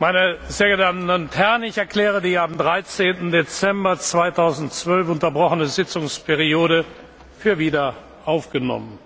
meine sehr geehrten damen und herren! ich erkläre die am. dreizehn dezember zweitausendzwölf unterbrochene sitzungsperiode für wieder aufgenommen.